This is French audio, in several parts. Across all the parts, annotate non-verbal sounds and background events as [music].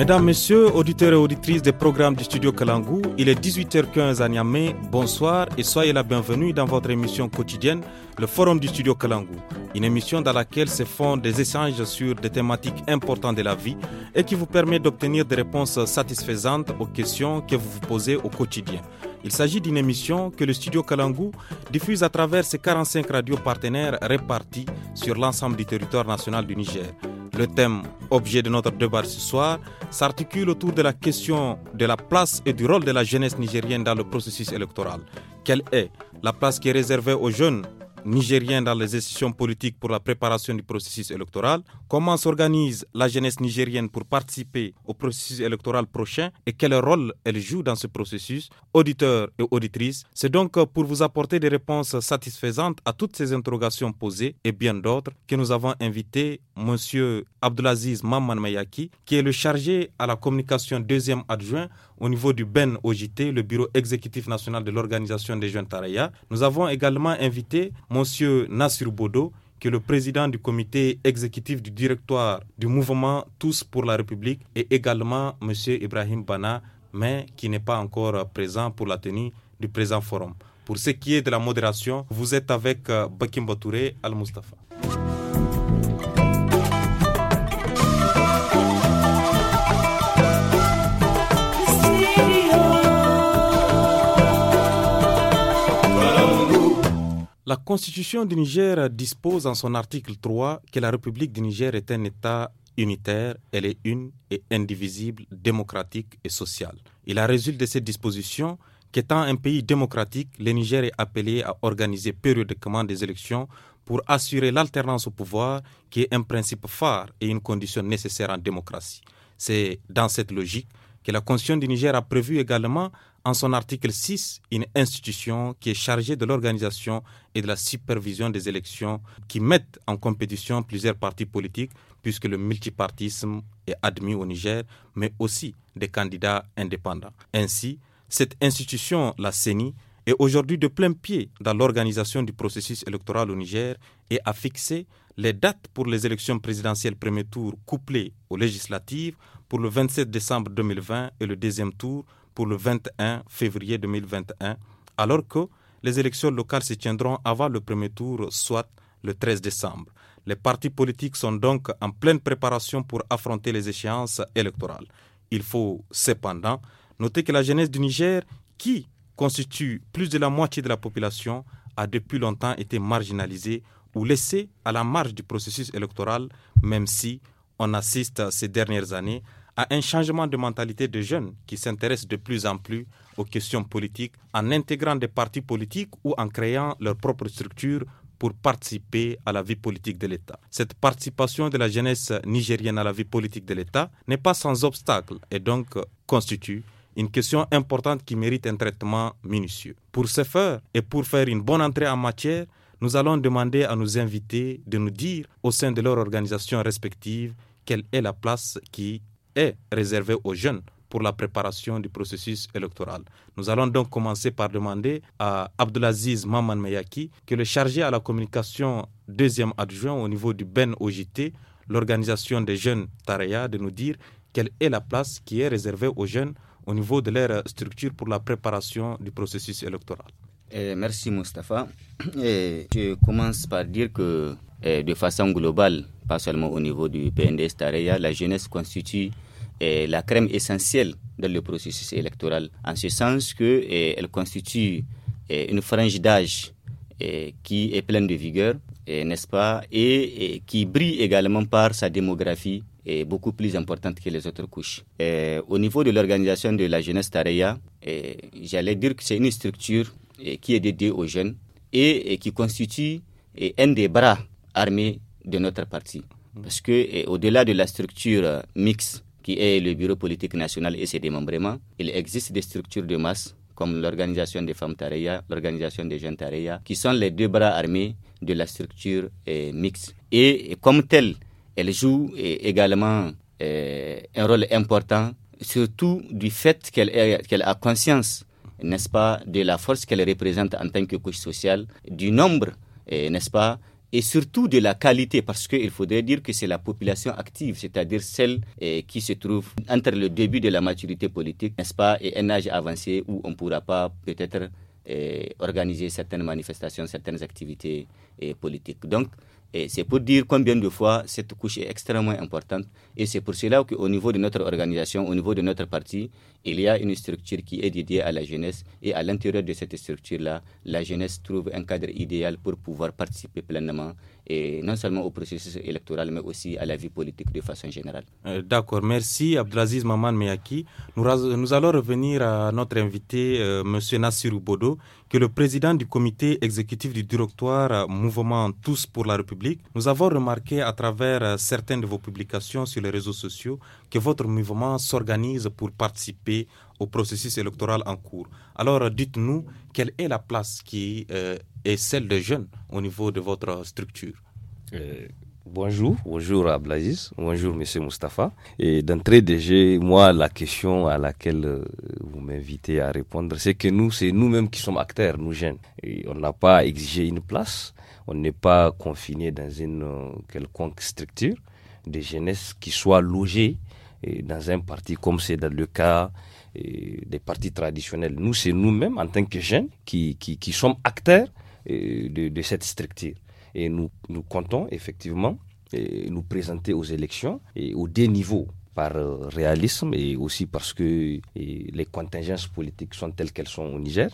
Mesdames, Messieurs, auditeurs et auditrices des programmes du studio Kalangou, il est 18h15 à Niamey. Bonsoir et soyez la bienvenue dans votre émission quotidienne, le Forum du studio Kalangou. Une émission dans laquelle se font des échanges sur des thématiques importantes de la vie et qui vous permet d'obtenir des réponses satisfaisantes aux questions que vous vous posez au quotidien. Il s'agit d'une émission que le studio Kalangu diffuse à travers ses 45 radios partenaires répartis sur l'ensemble du territoire national du Niger. Le thème, objet de notre débat ce soir, s'articule autour de la question de la place et du rôle de la jeunesse nigérienne dans le processus électoral. Quelle est la place qui est réservée aux jeunes Nigérien dans les institutions politiques pour la préparation du processus électoral, comment s'organise la jeunesse nigérienne pour participer au processus électoral prochain et quel rôle elle joue dans ce processus, auditeurs et auditrices. C'est donc pour vous apporter des réponses satisfaisantes à toutes ces interrogations posées et bien d'autres que nous avons invité M. Abdelaziz Mamman Mayaki, qui est le chargé à la communication deuxième adjoint au niveau du BEN OJT, le bureau exécutif national de l'organisation des jeunes Taraya. Nous avons également invité monsieur Nassir Bodo, qui est le président du comité exécutif du directoire du mouvement Tous pour la République, et également M. Ibrahim Bana, mais qui n'est pas encore présent pour la tenue du présent forum. Pour ce qui est de la modération, vous êtes avec euh, Bakim Batouré Al-Mustafa. La Constitution du Niger dispose en son article 3 que la République du Niger est un État unitaire, elle est une et indivisible, démocratique et sociale. Il a résulte de cette disposition qu'étant un pays démocratique, le Niger est appelé à organiser périodiquement des élections pour assurer l'alternance au pouvoir, qui est un principe phare et une condition nécessaire en démocratie. C'est dans cette logique que la Constitution du Niger a prévu également en son article 6 une institution qui est chargée de l'organisation et de la supervision des élections qui mettent en compétition plusieurs partis politiques puisque le multipartisme est admis au Niger, mais aussi des candidats indépendants. Ainsi, cette institution, la CENI, est aujourd'hui de plein pied dans l'organisation du processus électoral au Niger et a fixé les dates pour les élections présidentielles premier tour couplées aux législatives pour le 27 décembre 2020 et le deuxième tour pour le 21 février 2021, alors que les élections locales se tiendront avant le premier tour, soit le 13 décembre. Les partis politiques sont donc en pleine préparation pour affronter les échéances électorales. Il faut cependant noter que la jeunesse du Niger, qui constitue plus de la moitié de la population, a depuis longtemps été marginalisée ou laissée à la marge du processus électoral, même si on assiste ces dernières années à un changement de mentalité des jeunes qui s'intéressent de plus en plus aux questions politiques en intégrant des partis politiques ou en créant leur propre structure pour participer à la vie politique de l'État. Cette participation de la jeunesse nigérienne à la vie politique de l'État n'est pas sans obstacle et donc constitue une question importante qui mérite un traitement minutieux. Pour ce faire et pour faire une bonne entrée en matière, nous allons demander à nos invités de nous dire au sein de leur organisation respective quelle est la place qui est réservé aux jeunes pour la préparation du processus électoral. Nous allons donc commencer par demander à Abdelaziz Maman Meyaki, qui est le chargé à la communication deuxième adjoint au niveau du Ben OJT, l'organisation des jeunes Tareya, de nous dire quelle est la place qui est réservée aux jeunes au niveau de leur structure pour la préparation du processus électoral. Eh, merci Mustapha. je commence par dire que euh, de façon globale, pas seulement au niveau du pND Tareya, la jeunesse constitue euh, la crème essentielle dans le processus électoral, en ce sens qu'elle euh, constitue une frange d'âge qui est pleine de vigueur, n'est-ce pas, et, qui brille également par sa démographie est beaucoup plus importante que les autres couches. au niveau de l'organisation de la jeunesse Tareya, j'allais dire que c'est une structure qui est dédiée aux jeunes et, et qui constitue un des bras armée de notre parti. Parce que au-delà de la structure euh, mixte qui est le bureau politique national et ses démembrements, il existe des structures de masse comme l'organisation des femmes Tareya, l'organisation des jeunes Tareya, qui sont les deux bras armés de la structure euh, mixte. Et, comme telle, elle joue également euh, un rôle important, surtout du fait qu'elle a conscience, n'est-ce pas, de la force qu'elle représente en tant que couche sociale, du nombre, n'est-ce pas, et surtout de la qualité, parce qu'il faudrait dire que c'est la population active, c'est-à-dire celle eh, qui se trouve entre le début de la maturité politique, n'est-ce pas, et un âge avancé où on ne pourra pas peut-être eh, organiser certaines manifestations, certaines activités eh, politiques. Donc, et c'est pour dire combien de fois cette couche est extrêmement importante. Et c'est pour cela qu'au niveau de notre organisation, au niveau de notre parti, il y a une structure qui est dédiée à la jeunesse. Et à l'intérieur de cette structure-là, la jeunesse trouve un cadre idéal pour pouvoir participer pleinement, et non seulement au processus électoral, mais aussi à la vie politique de façon générale. Euh, d'accord. Merci, Abdelaziz Maman Meyaki. Nous, allons revenir à notre invité, euh, Monsieur M. Nassirou Bodo que le président du comité exécutif du directoire euh, Mouvement Tous pour la République, nous avons remarqué à travers euh, certaines de vos publications sur les réseaux sociaux que votre mouvement s'organise pour participer au processus électoral en cours. Alors euh, dites-nous quelle est la place qui est celle des jeunes au niveau de votre structure. Bonjour, bonjour à Ablaziz, bonjour Monsieur Mustapha. Et d'entrée de jeu, moi, la question à laquelle euh, vous m'invitez à répondre, c'est que nous, c'est nous-mêmes qui sommes acteurs, nous jeunes. Et on n'a pas exigé une place, on n'est pas confiné dans une euh, quelconque structure de jeunesse qui soit logée dans un parti comme c'est le cas des partis traditionnels. Nous, c'est nous-mêmes, en tant que jeunes, qui, qui, sommes acteurs de cette structure. Et nous, nous comptons effectivement nous présenter aux élections et aux deux niveaux par euh, réalisme et aussi parce que les contingences politiques sont telles qu'elles sont au Niger.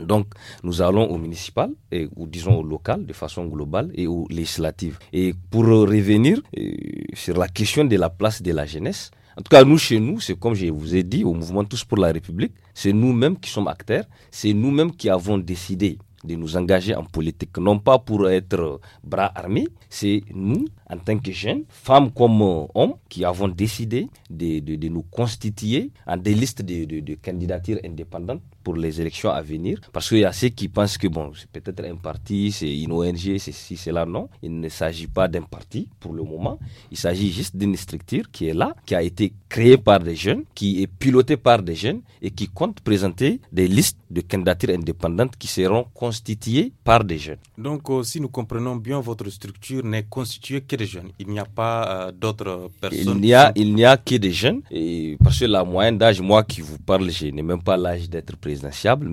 Donc, nous allons au municipal, et, ou disons au local de façon globale, et au législatives. Et pour euh, revenir euh, sur la question de la place de la jeunesse, en tout cas, nous, chez nous, c'est comme je vous ai dit, au mouvement Tous pour la République, c'est nous-mêmes qui sommes acteurs, c'est nous-mêmes qui avons décidé de nous engager en politique, non pas pour être bras armés, c'est nous, en tant que jeunes, femmes comme hommes, qui avons décidé de, nous constituer en des listes de, de candidatures indépendantes pour les élections à venir. Parce qu'il y a ceux qui pensent que bon, c'est peut-être un parti, c'est une ONG, c'est ci, c'est là. Non, il ne s'agit pas d'un parti pour le moment. Il s'agit juste d'une structure qui est là, qui a été créée par des jeunes, qui est pilotée par des jeunes et qui compte présenter des listes de candidatures indépendantes qui seront constituées par des jeunes. Donc, euh, si nous comprenons bien, votre structure n'est constituée que des jeunes. Il n'y a pas euh, d'autres personnes. Il n'y a, il n'y a que des jeunes. Et parce que la moyenne d'âge, moi qui vous parle, je n'ai même pas l'âge d'être président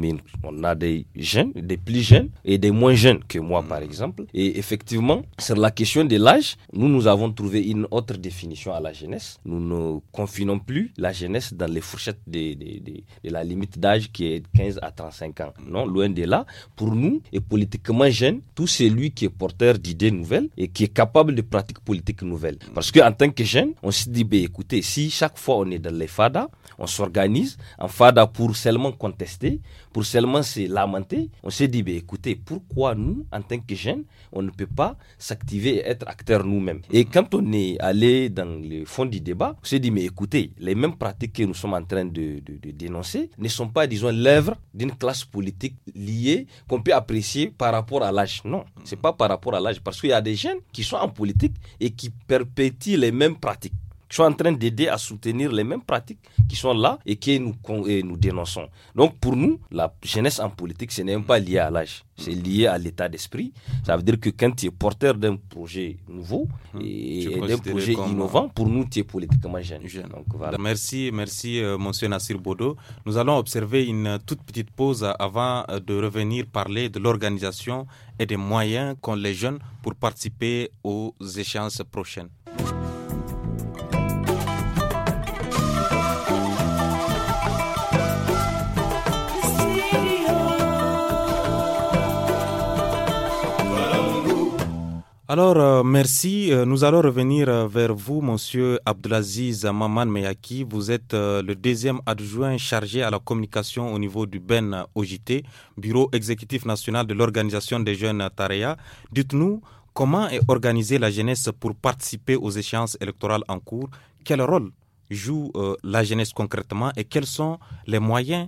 mais on a des jeunes, des plus jeunes et des moins jeunes que moi, par mm. exemple. Et effectivement, sur la question de l'âge, nous, nous avons trouvé une autre définition à la jeunesse. Nous ne confinons plus la jeunesse dans les fourchettes de, la limite d'âge qui est 15 à 35 ans. Non, loin de là. Pour nous, et politiquement jeune, tout celui qui est porteur d'idées nouvelles et qui est capable de pratiques politiques nouvelles. Parce qu'en tant que jeune, on se dit, bah, écoutez, si chaque fois on est dans les fadas, on s'organise en FADA pour seulement contester, pour seulement se lamenter. On s'est dit, ben, écoutez, pourquoi nous, en tant que jeunes, on ne peut pas s'activer et être acteurs nous-mêmes Et quand on est allé dans le fond du débat, on s'est dit, mais écoutez, les mêmes pratiques que nous sommes en train de, dénoncer ne sont pas, disons, l'œuvre d'une classe politique liée qu'on peut apprécier par rapport à l'âge. Non, c'est pas par rapport à l'âge, parce qu'il y a des jeunes qui sont en politique et qui perpétuent les mêmes pratiques qui sont en train d'aider à soutenir les mêmes pratiques qui sont là et que nous, nous dénonçons. Donc pour nous, la jeunesse en politique, ce n'est même pas lié à l'âge, c'est lié à l'état d'esprit. Ça veut dire que quand tu es porteur d'un projet nouveau hum. et d'un projet innovant, pour nous, tu es politiquement jeune. Bah, merci, merci, euh, monsieur Nassir Bodo. Nous allons observer une euh, toute petite pause euh, avant de revenir parler de l'organisation et des moyens qu'ont les jeunes pour participer aux échéances prochaines. Alors, euh, merci. Euh, nous allons revenir euh, vers vous, monsieur Abdelaziz Maman Meyaki. Vous êtes le deuxième adjoint chargé à la communication au niveau du BEN OJT, Bureau exécutif national de l'Organisation des jeunes Tarea. Dites-nous, comment est organisée la jeunesse pour participer aux échéances électorales en cours Quel rôle joue la jeunesse concrètement et quels sont les moyens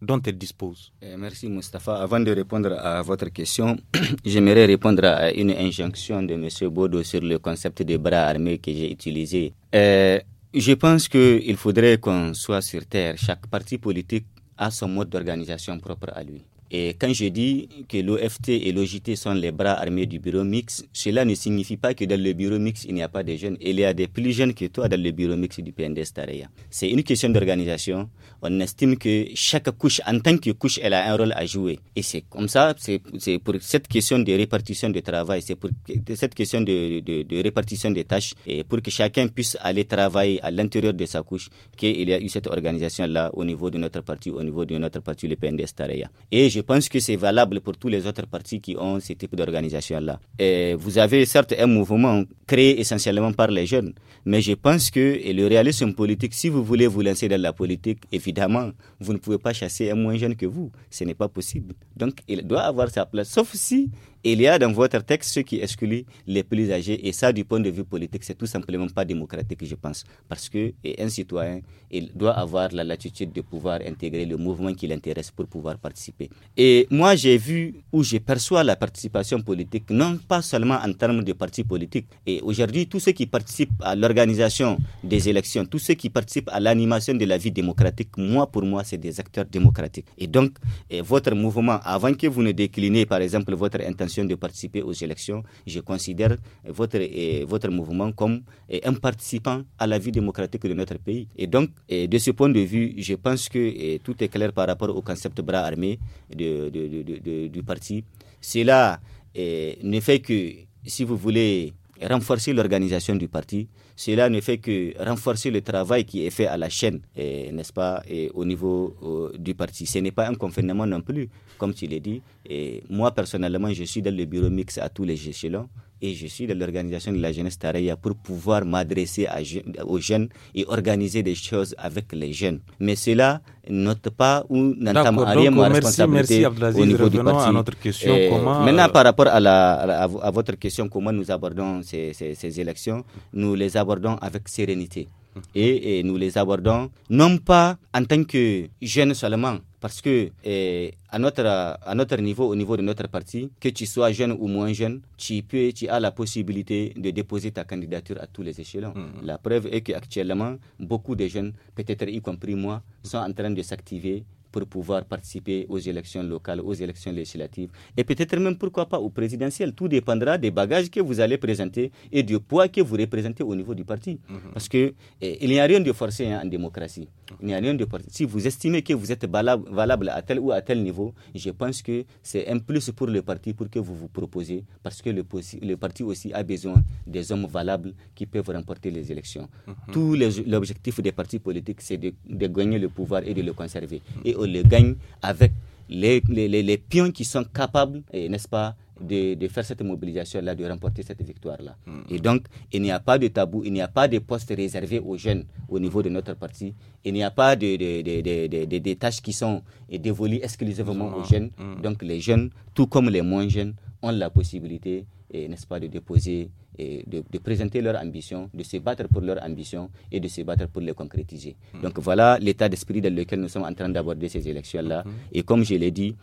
dont elle dispose. Eh, merci Mustapha. Avant de répondre à votre question, [clears throat] j'aimerais répondre à une injonction de M. Bodo sur le concept de bras armés que j'ai utilisé. Eh, je pense qu'il faudrait qu'on soit sur Terre. Chaque parti politique a son mode d'organisation propre à lui. Et quand je dis que l'OFT et l'OJT sont les bras armés du bureau Mix, cela ne signifie pas que dans le bureau Mix il n'y a pas de jeunes. Il y a des plus jeunes que toi dans le bureau Mix du PNDS Tareya. C'est une question d'organisation. On estime que chaque couche, en tant que couche, elle a un rôle à jouer. Et c'est comme ça, c'est pour cette question de répartition de travail, c'est pour cette question de, de, répartition des tâches, et pour que chacun puisse aller travailler à l'intérieur de sa couche, qu'il y a eu cette organisation-là au niveau de notre parti, au niveau de notre parti, le PNDS Tareya. Et je pense que c'est valable pour tous les autres partis qui ont ce type d'organisation-là. Vous avez certes un mouvement créé essentiellement par les jeunes, mais je pense que et le réalisme politique, si vous voulez vous lancer dans la politique, évidemment, vous ne pouvez pas chasser un moins jeune que vous. Ce n'est pas possible. Donc, il doit avoir sa place, sauf si il y a dans votre texte ceux qui excluent les plus âgés, et ça, du point de vue politique, c'est tout simplement pas démocratique, je pense, parce que un citoyen, il doit avoir la latitude de pouvoir intégrer le mouvement qui l'intéresse pour pouvoir participer. Et moi, j'ai vu où je perçois la participation politique, non pas seulement en termes de partis politiques. Et aujourd'hui, tous ceux qui participent à l'organisation des élections, tous ceux qui participent à l'animation de la vie démocratique, moi, pour moi, c'est des acteurs démocratiques. Et donc, votre mouvement, avant que vous ne déclinez, par exemple, votre intention de participer aux élections, je considère eh, votre, eh, votre mouvement comme eh, un participant à la vie démocratique de notre pays. Et donc, de ce point de vue, je pense que tout est clair par rapport au concept bras armé du parti. Cela ne fait que, si vous voulez, renforcer l'organisation du parti. Cela ne fait que renforcer le travail qui est fait à la chaîne, eh, n'est-ce pas, et eh, au niveau oh, du parti. Ce n'est pas un confinement non plus, comme tu l'as dit. Et moi, personnellement, je suis dans le bureau mixte à tous les échelons et je suis de l'organisation de la jeunesse Taraya pour pouvoir m'adresser aux jeunes et organiser des choses avec les jeunes. Mais cela note pas ou n'entame rien ma responsabilité au niveau du parti. maintenant, euh, par rapport à, à, votre question, comment nous abordons ces élections, nous les abordons avec sérénité. Et, nous les abordons non pas en tant que jeunes seulement, parce que eh, à, notre, à notre niveau, au niveau de notre parti, que tu sois jeune ou moins jeune, tu, peux, tu as la possibilité de déposer ta candidature à tous les échelons. Mmh. La preuve est qu'actuellement, beaucoup de jeunes, peut-être y compris moi, sont en train de s'activer pour pouvoir participer aux élections locales, aux élections législatives et peut-être même pourquoi pas aux présidentielles. Tout dépendra des bagages que vous allez présenter et du poids que vous représentez au niveau du parti. Mhm. Parce que eh, il n'y a rien de forcé hein, en démocratie. Il n'y a rien de Si vous estimez que vous êtes valable, à tel ou à tel niveau, je pense que c'est un plus pour le parti pour que vous vous proposez parce que le, parti aussi a besoin des hommes valables qui peuvent remporter les élections. Mhm. Tout l'objectif des partis politiques, c'est de, gagner le pouvoir et de le conserver. Mhm. Et on euh, le gagne avec les, les, les, pions qui sont capables, eh, n'est-ce pas, de, de, faire cette mobilisation-là, de remporter cette victoire-là. Hmm. Et donc, il n'y a pas de tabou, il n'y a pas de poste réservé aux jeunes au niveau de notre parti, il n'y a pas de, de, tâches qui sont eh, dévolues exclusivement aux jeunes. Hmm. Donc, les jeunes, tout comme les moins jeunes, ont la possibilité nest pas, de déposer, et de, présenter leur ambition, de se battre pour leur ambition et de se battre pour les concrétiser. Hmm. Donc voilà l'état d'esprit dans lequel nous sommes en train d'aborder ces élections-là. Hmm. Et comme je l'ai dit,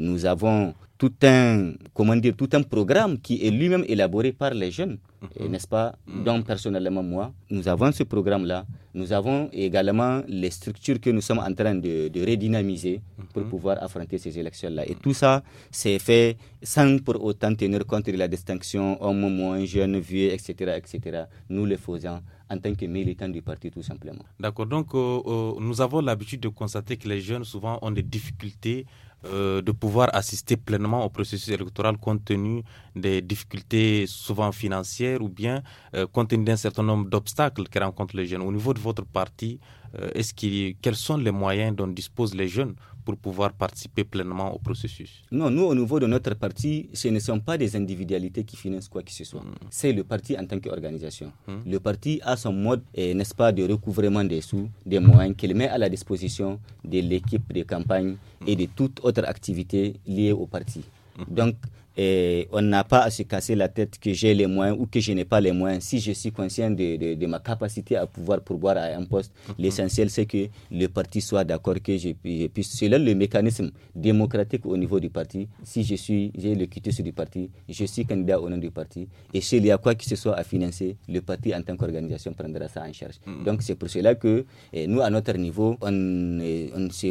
nous avons tout un, comment dire, tout un programme qui est lui-même élaboré par les jeunes, mhm. n'est-ce pas mhm. Donc personnellement, moi, nous avons ce programme-là. Nous avons également les structures que nous sommes en train de, redynamiser pour mhm. pouvoir affronter ces élections-là. Et tout ça, c'est fait sans pour autant tenir compte de la distinction homme, moins jeune, vieux, etc., etc. Nous le faisons en tant que militants du parti, tout simplement. D'accord. Donc, euh, euh, nous avons l'habitude de constater que les jeunes, souvent, ont des difficultés euh, de pouvoir assister pleinement au processus électoral compte tenu des difficultés souvent financières ou bien euh, compte tenu d'un certain nombre d'obstacles que rencontrent les jeunes. Au niveau de votre parti, euh, est-ce quels sont les moyens dont disposent les jeunes pour pouvoir participer pleinement au processus Non, nous, au niveau de notre parti, ce ne sont pas des individualités qui financent quoi que ce soit. Hmm. C'est le parti en tant qu'organisation. Hmm. Le parti a son mode, n'est-ce pas, de recouvrement des sous, des moyens qu'il met à la disposition de l'équipe de campagne et hmm. de toute autre activité liée au parti. Donc, et on n'a pas à se casser la tête que j'ai les moyens ou que je n'ai pas les moyens. Si je suis conscient de, de, ma capacité à pouvoir pourvoir à un poste, mhm. l'essentiel c'est que le parti soit d'accord, que je, puisse. C'est là le mécanisme démocratique au niveau du parti. Si je suis, j'ai le quitus du parti, je suis candidat au nom du parti. Et s'il y a quoi que ce soit à financer, le parti en tant qu'organisation prendra ça en charge. Mhm. Donc c'est pour cela que eh, nous, à notre niveau, on,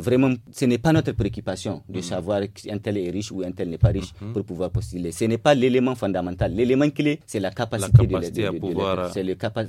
vraiment, ce n'est pas notre préoccupation de mhm. savoir savoir qu'un tel est riche ou un tel n'est pas riche pour pouvoir ce n'est pas l'élément fondamental. L'élément clé, c'est la capacité, de,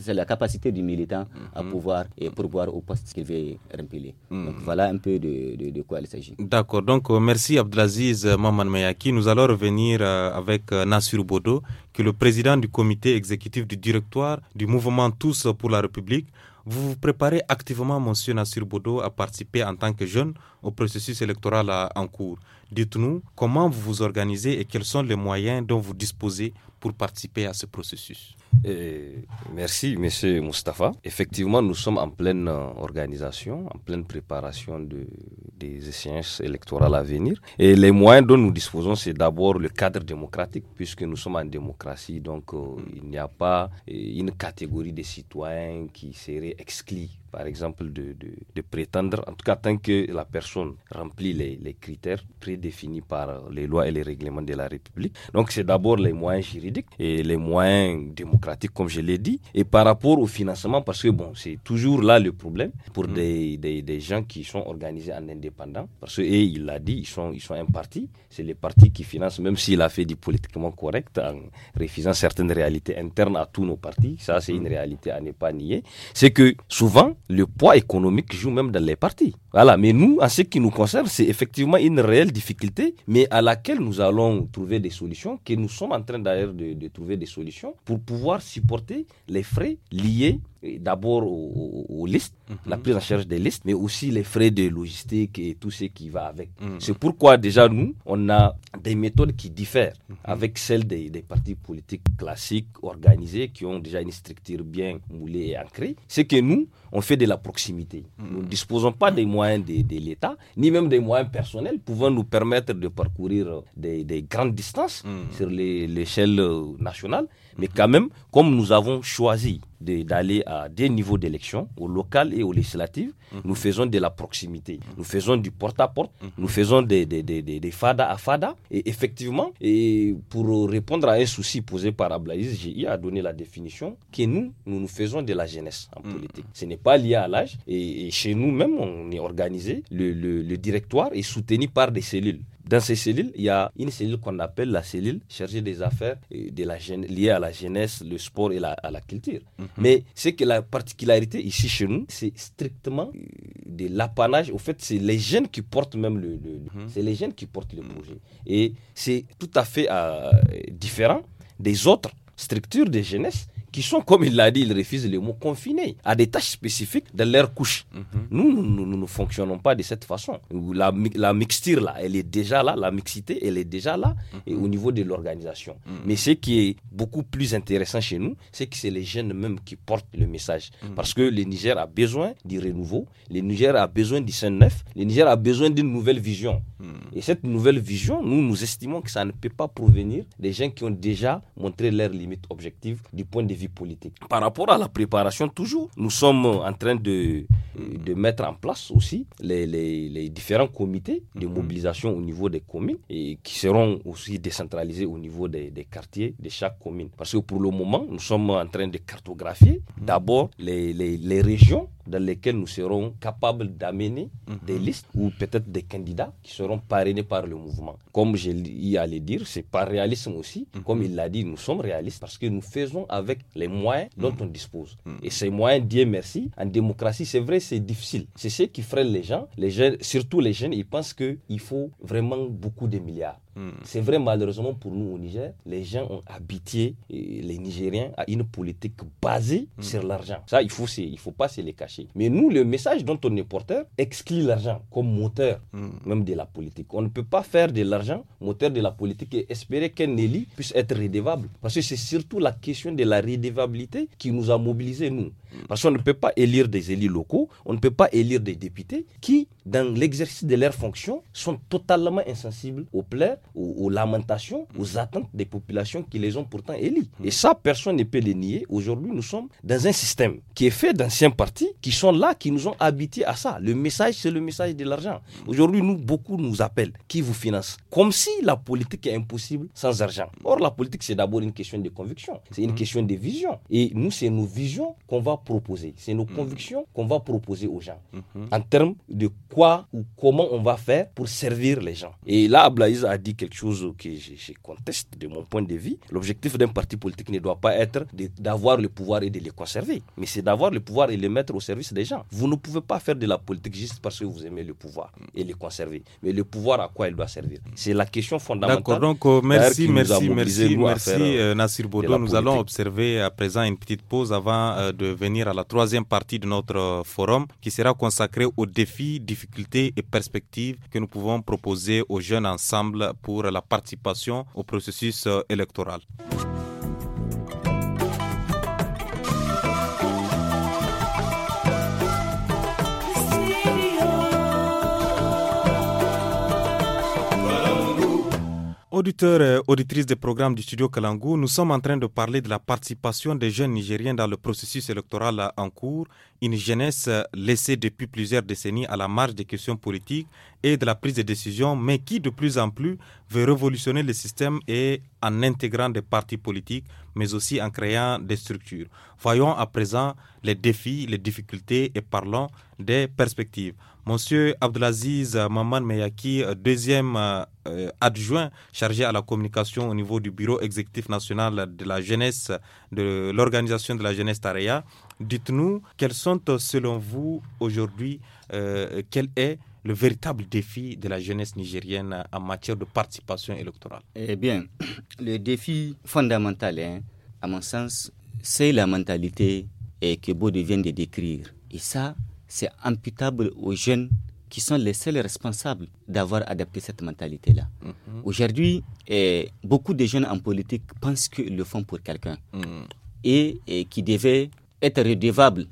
c'est la capacité du militant à mhm. pouvoir et pourvoir au poste qu'il veut remplir. Mhm. voilà un peu de, quoi il s'agit. D'accord. Donc euh, merci Abdelaziz euh, Maman Mayaki. Nous allons revenir euh, avec Nassir Bodo, qui est le président du comité exécutif du directoire du mouvement Tous pour la République. Vous vous préparez activement, monsieur Nassir Bodo, à participer en tant que jeune au processus électoral en cours. Dites-nous comment vous vous organisez et quels sont les moyens dont vous disposez pour participer à ce processus. Eh, merci, Monsieur Mustapha. Effectivement, nous sommes en pleine euh, organisation, en pleine préparation de, des échéances électorales à venir. Et les moyens dont nous disposons, c'est d'abord le cadre démocratique, puisque nous sommes en démocratie, donc euh, il n'y a pas eh, une catégorie de citoyens qui serait exclue par exemple, de, de, prétendre, en tout cas tant que la personne remplit les, les, critères prédéfinis par les lois et les règlements de la République. Donc c'est d'abord les moyens juridiques et les moyens démocratiques démocratique, comme je l'ai dit, et par rapport au financement, parce que bon, c'est toujours là le problème pour mm. des, des, des, gens qui sont organisés en indépendant, parce que, et il l'a dit, ils sont, ils sont un parti, c'est les partis qui financent, même s'il a fait du politiquement correct en refusant certaines réalités internes à tous nos partis, ça c'est une mm. réalité à ne pas nier, c'est que souvent le poids économique joue même dans les partis. Voilà, mais nous, en ce qui nous concerne, c'est effectivement une réelle difficulté, mais à laquelle nous allons trouver des solutions, que nous sommes en train d'ailleurs de trouver des solutions pour pouvoir supporter les frais liés d'abord aux, listes, mhm. la prise en charge des listes, mais aussi les frais de logistique et tout ce qui va avec. Mhm. C'est pourquoi déjà nous, on a des méthodes qui diffèrent mhm. avec celles des, partis politiques classiques, organisés, qui ont déjà une structure bien moulée et ancrée. C'est que nous, on fait de la proximité. Nous ne disposons pas des moyens de, l'État, ni même des moyens personnels pouvant nous permettre de parcourir des, des grandes distances sur l'échelle nationale. Mais quand même, comme nous avons choisi d'aller à des niveaux d'élection, au local et au législatif mhm. Nous faisons de la proximité, nous faisons du porte-à-porte, mhm. nous faisons des, des, des, des, fada à fada. Et effectivement, et pour répondre à un souci posé par Ablaïs, j'ai à donner la définition que nous, nous nous faisons de la jeunesse en mhm. politique. Ce n'est pas lié à l'âge. Et, chez nous-mêmes, on est organisé. le, le directoire est soutenu par des cellules. Dans ces cellules, il y a une cellule qu'on appelle la cellule chargée des affaires de la, liées à la jeunesse, le sport et la, à la culture. Mhm. Mais c'est que la particularité ici chez nous, c'est strictement euh, de l'apanage. Au fait, c'est les jeunes qui portent même le, mhm. c'est les jeunes qui portent le mhm. projet. Et c'est tout à fait euh, différent des autres structures de jeunesse qui sont, comme il l'a dit, il refuse les mots, confinés à des tâches spécifiques de leur couche. Mhm. nous, nous, ne fonctionnons pas de cette façon. La, la mixture, là, elle est déjà là, la mixité, elle est déjà là, mhm. et au niveau de l'organisation. Mhm. Mais ce qui est beaucoup plus intéressant chez nous, c'est que c'est les jeunes eux-mêmes qui portent le message. Parce que le Niger a besoin du renouveau, le Niger a besoin du sein neuf, le Niger a besoin d'une nouvelle vision. Et cette nouvelle vision, nous, nous estimons que ça ne peut pas provenir des gens qui ont déjà montré leurs limites objectives du point de vue politique. Par rapport à la préparation, toujours, nous sommes en train de, de mettre en place aussi les, différents comités de mhm. mobilisation au niveau des communes et qui seront aussi décentralisés au niveau des, quartiers de chaque commune. Parce que pour le moment, nous sommes en train de cartographier mhm. d'abord les, les régions dans lesquels nous serons capables d'amener mhm. des listes ou peut-être des candidats qui seront parrainés par le mouvement. Comme je y allais dire, c'est pas réalisme aussi. Mhm. Comme il l'a dit, nous sommes réalistes parce que nous faisons avec les moyens mhm. dont on dispose. Et ces moyens, Dieu merci, en démocratie, c'est vrai, c'est difficile. C'est ce qui freine les gens. Les jeunes, surtout les jeunes, ils pensent qu'il faut vraiment beaucoup de milliards. Hmm. C'est vrai, malheureusement pour nous au Niger, les gens ont habité, les Nigériens à une politique basée hmm. sur l'argent. Ça, il faut, il faut pas se les cacher. Mais nous, le message dont on est porteur exclut l'argent comme moteur hmm. même de la politique. On ne peut pas faire de l'argent moteur de la politique et espérer qu'un élu puisse être redevable. Parce que c'est surtout la question de la redevabilité qui nous a mobilisés, nous. Parce qu'on ne peut pas élire des élus locaux, on ne peut pas élire des députés qui dans l'exercice de leurs fonctions, sont totalement insensibles aux plaies, aux, lamentations, aux attentes des populations qui les ont pourtant élis. Et ça, personne ne peut les nier. Aujourd'hui, nous sommes dans un système qui est fait d'anciens partis qui sont là, qui nous ont habitués à ça. Le message, c'est le message de l'argent. Aujourd'hui, nous, beaucoup nous appellent qui vous finance Comme si la politique est impossible sans argent. Or, la politique, c'est d'abord une question de conviction, c'est une mmh. question de vision. Et nous, c'est nos visions qu'on va proposer, c'est nos mmh. convictions qu'on va proposer aux gens mmh. en termes de quoi ou comment on va faire pour servir les gens. Et là, Ablaïs a dit quelque chose que je, conteste de mon point de vue. L'objectif d'un parti politique ne doit pas être d'avoir le pouvoir et de le conserver, mais c'est d'avoir le pouvoir et le mettre au service des gens. Vous ne pouvez pas faire de la politique juste parce que vous aimez le pouvoir et le conserver. Mais le pouvoir, à quoi il doit servir C'est la question fondamentale. D'accord, donc euh, merci, merci, merci, merci, euh, euh, Nassir Bodo. Nous allons observer à présent une petite pause avant de venir à la troisième partie de notre forum qui sera consacrée aux défis différents et perspectives que nous pouvons proposer aux jeunes ensemble pour la participation au processus euh, électoral. Auditeurs et auditrices des programmes du studio Kalangou, nous sommes en train de parler de la participation des jeunes Nigériens dans le processus électoral en cours une jeunesse laissée depuis plusieurs décennies à la marge des questions politiques et de la prise de décision, mais qui de plus en plus veut révolutionner le système et en intégrant des partis politiques, mais aussi en créant des structures. Voyons à présent les défis, les difficultés et parlons des perspectives. Monsieur Abdelaziz Maman Meyaki, deuxième euh, adjoint chargé à la communication au niveau du Bureau exécutif national de la jeunesse, de l'organisation de la jeunesse Tareya, Dites-nous quels sont, euh, selon vous, aujourd'hui, euh, quel est le véritable défi de la jeunesse nigérienne en matière de participation électorale Eh bien, [clears throat] le défi fondamental, hein, à mon sens, c'est la mentalité que Bode vient de décrire. Et ça, c'est imputable aux jeunes qui sont les seuls responsables d'avoir adapté cette mentalité-là. Mhm. Aujourd'hui, eh, beaucoup de jeunes en politique pensent qu'ils le font pour quelqu'un mhm. et, qui devaient être redevable,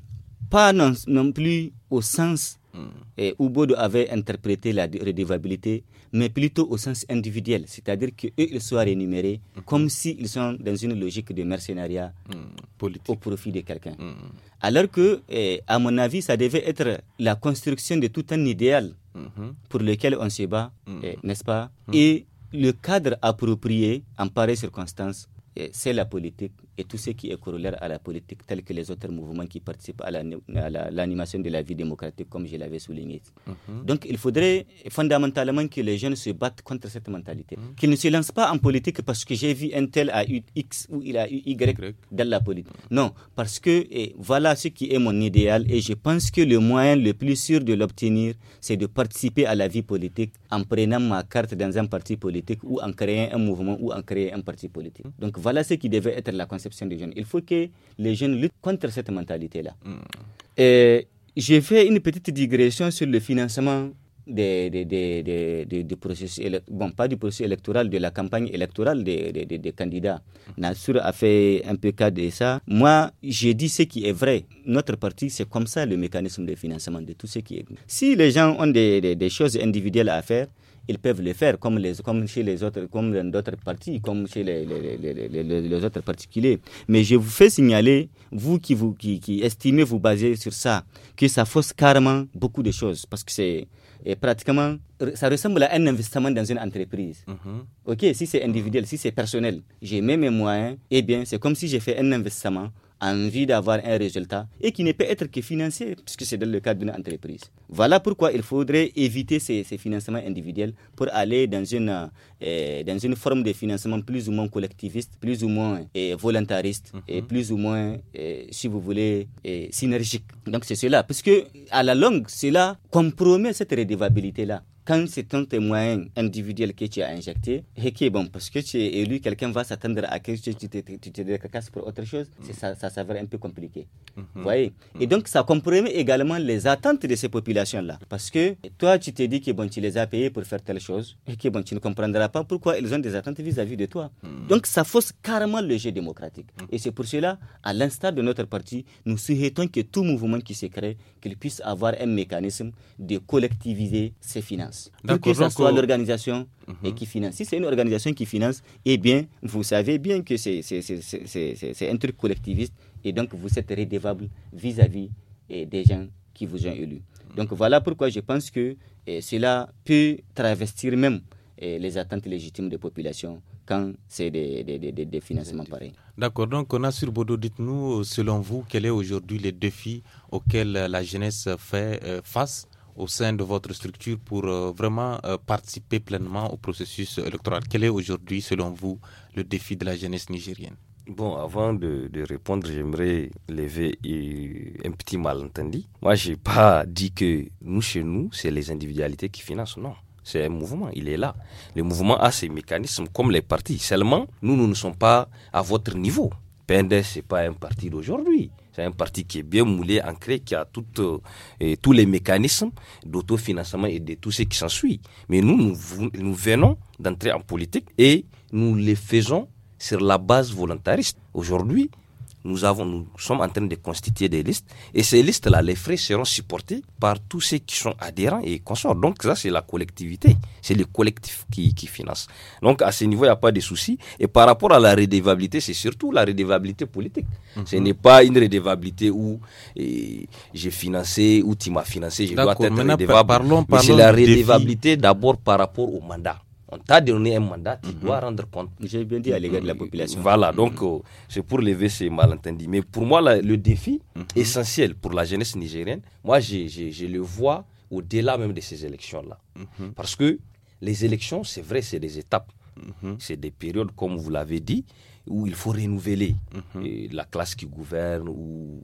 pas non, plus au sens hmm. et eh, Bodo avait interprété la redevabilité, mais plutôt au sens individuel, c'est-à-dire qu'eux, ils soient rémunérés comme s'ils sont dans une logique de mercenariat hmm. au profit de quelqu'un. Hmm. Alors que, eh, à mon avis, ça devait être la construction de tout un idéal mm-hmm. pour lequel on se bat, eh, n'est-ce pas Et le cadre approprié, en pareille circonstance, c'est la politique tout ce qui est corollaire à la politique, tel que les autres mouvements qui participent à l'animation de la vie démocratique, comme je l'avais souligné. Mhm. Donc il faudrait fondamentalement que les jeunes se battent contre cette mentalité, mhm. qu'ils ne se lancent pas en politique parce que j'ai vu un tel a eu X ou il a eu Y, dans la politique. Non, parce que et voilà ce qui est mon idéal et je pense que le moyen le plus sûr de l'obtenir, c'est de participer à la vie politique en prenant ma carte dans un parti politique ou en créant un mouvement ou en créant un parti politique. Mhm. Donc voilà ce qui devait être la conception jeunes. Il faut que les jeunes luttent contre cette mentalité-là. Hmm. J'ai fait une petite digression sur le financement des, des, des, des processus, bon, pas du processus électoral, de la campagne électorale des, candidats. Hmm. Nassour a fait un peu cas de ça. Moi, j'ai dit ce qui est vrai. Notre parti, c'est comme ça le mécanisme de financement de tout ce qui est. Si les gens ont des, choses individuelles à faire, ils peuvent le faire comme, les, comme chez les autres, comme d'autres parties comme chez les, les, les, autres particuliers. Mais je vous fais signaler, vous qui, vous qui, qui estimez vous baser sur ça, que ça fausse carrément beaucoup de choses parce que c'est pratiquement, ça ressemble à un investissement dans une entreprise. Mm-hmm. Ok, si c'est individuel, si c'est personnel, j'ai mes moyens, eh bien, c'est comme si j'ai fait un investissement envie d'avoir un résultat et qui ne peut être que financé puisque c'est dans le cadre d'une entreprise. Voilà pourquoi il faudrait éviter ces, financements individuels pour aller dans une, euh, dans une forme de financement plus ou moins collectiviste, plus ou moins euh, volontariste et mhm. plus ou moins, euh, si vous voulez, synergique. Donc c'est cela, puisque à la longue, cela compromet cette redevabilité-là quand c'est un témoin individuel que tu as injecté, et qui est bon, parce que tu es élu, quelqu'un va s'attendre à que tu te, tu te décarcasses pour autre chose, ça, ça s'avère un peu compliqué. Mhm. Vous voyez Et mhm. donc, ça compromet également les attentes de ces populations-là. Parce que toi, tu te dis que bon, tu les as payés pour faire telle chose, et que bon, tu ne comprendras pas pourquoi ils ont des attentes vis-à-vis de toi. Mhm. Donc, ça fausse carrément le jeu démocratique. Et c'est pour cela, à l'instar de notre parti, nous souhaitons que tout mouvement qui se crée, qu'il puisse avoir un mécanisme de collectiviser ses finances que ce soit euh, l'organisation mhm. qui finance. Si c'est une organisation qui finance, eh bien, vous savez bien que c'est un truc collectiviste et donc vous êtes redevable vis-à-vis eh, des gens qui vous ont élus. Mhm. Donc voilà pourquoi je pense que eh, cela peut travestir même eh, les attentes légitimes des populations quand c'est des, financements pareils. D'accord, donc on euh, a sur Bodo, dites-nous, euh, selon vous, quel est aujourd'hui le défi auquel la jeunesse fait face au sein de votre structure pour euh, vraiment euh, participer pleinement au processus électoral Quel est aujourd'hui, selon vous, le défi de la jeunesse nigérienne Bon, avant de, répondre, j'aimerais lever un petit malentendu. Moi, je n'ai pas dit que nous, chez nous, c'est les individualités qui financent. Non, c'est un mouvement, il est là. Le mouvement a ses mécanismes comme les partis. Seulement, nous, nous ne sommes pas à votre niveau. PND, ce n'est pas un parti d'aujourd'hui. C'est un parti qui est bien moulé, ancré, qui a euh, tous les mécanismes d'autofinancement et de tout ce qui s'ensuit. Mais nous, nous, nous venons d'entrer en politique et nous les faisons sur la base volontariste. Aujourd'hui, nous, avons, nous sommes en train de constituer des listes. Et ces listes-là, les frais seront supportés par tous ceux qui sont adhérents et consorts. Donc ça, c'est la collectivité. C'est le collectif qui, finance. Donc à ce niveau, il n'y a pas de souci. Et par rapport à la redévabilité, c'est surtout la redévabilité politique. Mhm. Ce n'est pas une redévabilité où eh, j'ai financé, où tu m'as financé, je dois être c'est la redévabilité d'abord par rapport au mandat on t'a donné un mandat, tu mhm. dois rendre compte. J'ai bien dit à l'égard de la population. Mm, voilà, donc euh, c'est pour lever ces malentendus. Mais pour moi, le défi mhm. essentiel pour la jeunesse nigérienne, moi, je, le vois au-delà même de ces élections-là. Mhm. Parce que les élections, c'est vrai, c'est des étapes. C'est des périodes, comme vous l'avez dit, où il faut renouveler euh, la classe qui gouverne ou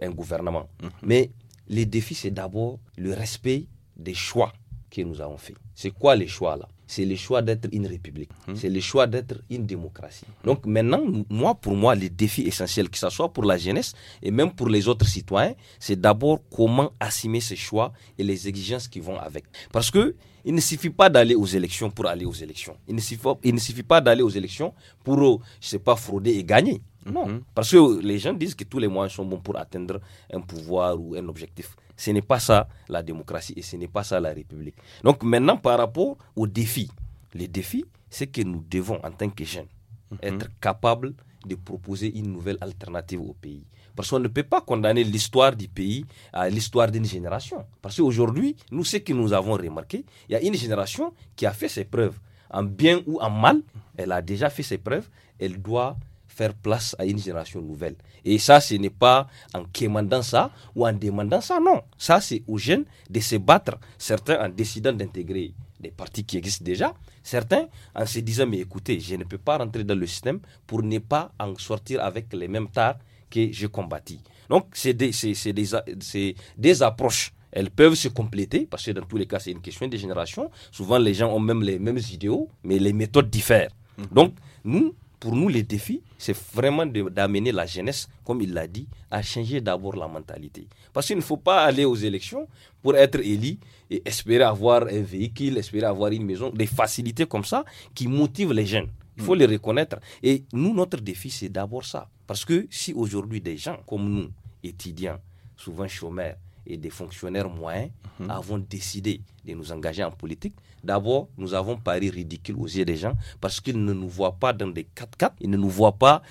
un gouvernement. Mais le défi, c'est d'abord le respect des choix que nous avons faits. C'est quoi les choix là c'est le choix d'être une république, hmm. c'est le choix d'être une démocratie. Hmm. Donc maintenant, moi, pour moi, les défis essentiels, que ce soit pour la jeunesse et même pour les autres citoyens, c'est d'abord comment assumer ces choix et les exigences qui vont avec. Parce que il ne suffit pas d'aller aux élections pour aller aux élections. Il ne suffit, pas d'aller aux élections pour, euh, je sais pas, frauder et gagner. Non, hmm. parce que les gens disent que tous les moyens sont bons pour atteindre un pouvoir ou un objectif. Ce n'est pas ça la démocratie et ce n'est pas ça la République. Donc maintenant, par rapport aux défis, les défis, c'est que nous devons, en tant que jeunes, mhm. être capables de proposer une nouvelle alternative au pays. Parce qu'on ne peut pas condamner l'histoire du pays à l'histoire d'une génération. Parce qu'aujourd'hui, nous, ce que nous avons remarqué, il y a une génération qui a fait ses preuves. En bien ou en mal, elle a déjà fait ses preuves. Elle doit faire place à une génération nouvelle. Et ça, ce n'est pas en quémandant ça ou en demandant ça, non. Ça, c'est aux jeunes de se battre, certains en décidant d'intégrer des partis qui existent déjà, certains en se disant, mais écoutez, je ne peux pas rentrer dans le système pour ne pas en sortir avec les mêmes tares que je combattis. Donc, c'est des, approches elles peuvent se compléter, parce que dans tous les cas, c'est une question des générations Souvent, les gens ont même les mêmes idéaux, mais les méthodes diffèrent. Mhm. Donc, nous, pour nous, le défi, c'est vraiment d'amener la jeunesse, comme il l'a dit, à changer d'abord la mentalité. Parce qu'il ne faut pas aller aux élections pour être élu et espérer avoir un véhicule, espérer avoir une maison, des facilités comme ça qui motivent les jeunes. Il faut mm. les reconnaître. Et nous, notre défi, c'est d'abord ça. Parce que si aujourd'hui des gens comme nous, étudiants, souvent chômeurs, et des fonctionnaires moyens mhm. avons décidé de nous engager en politique. D'abord, nous avons pari ridicule aux yeux des gens parce qu'ils ne nous voient pas dans des 4x4, ils ne nous voient pas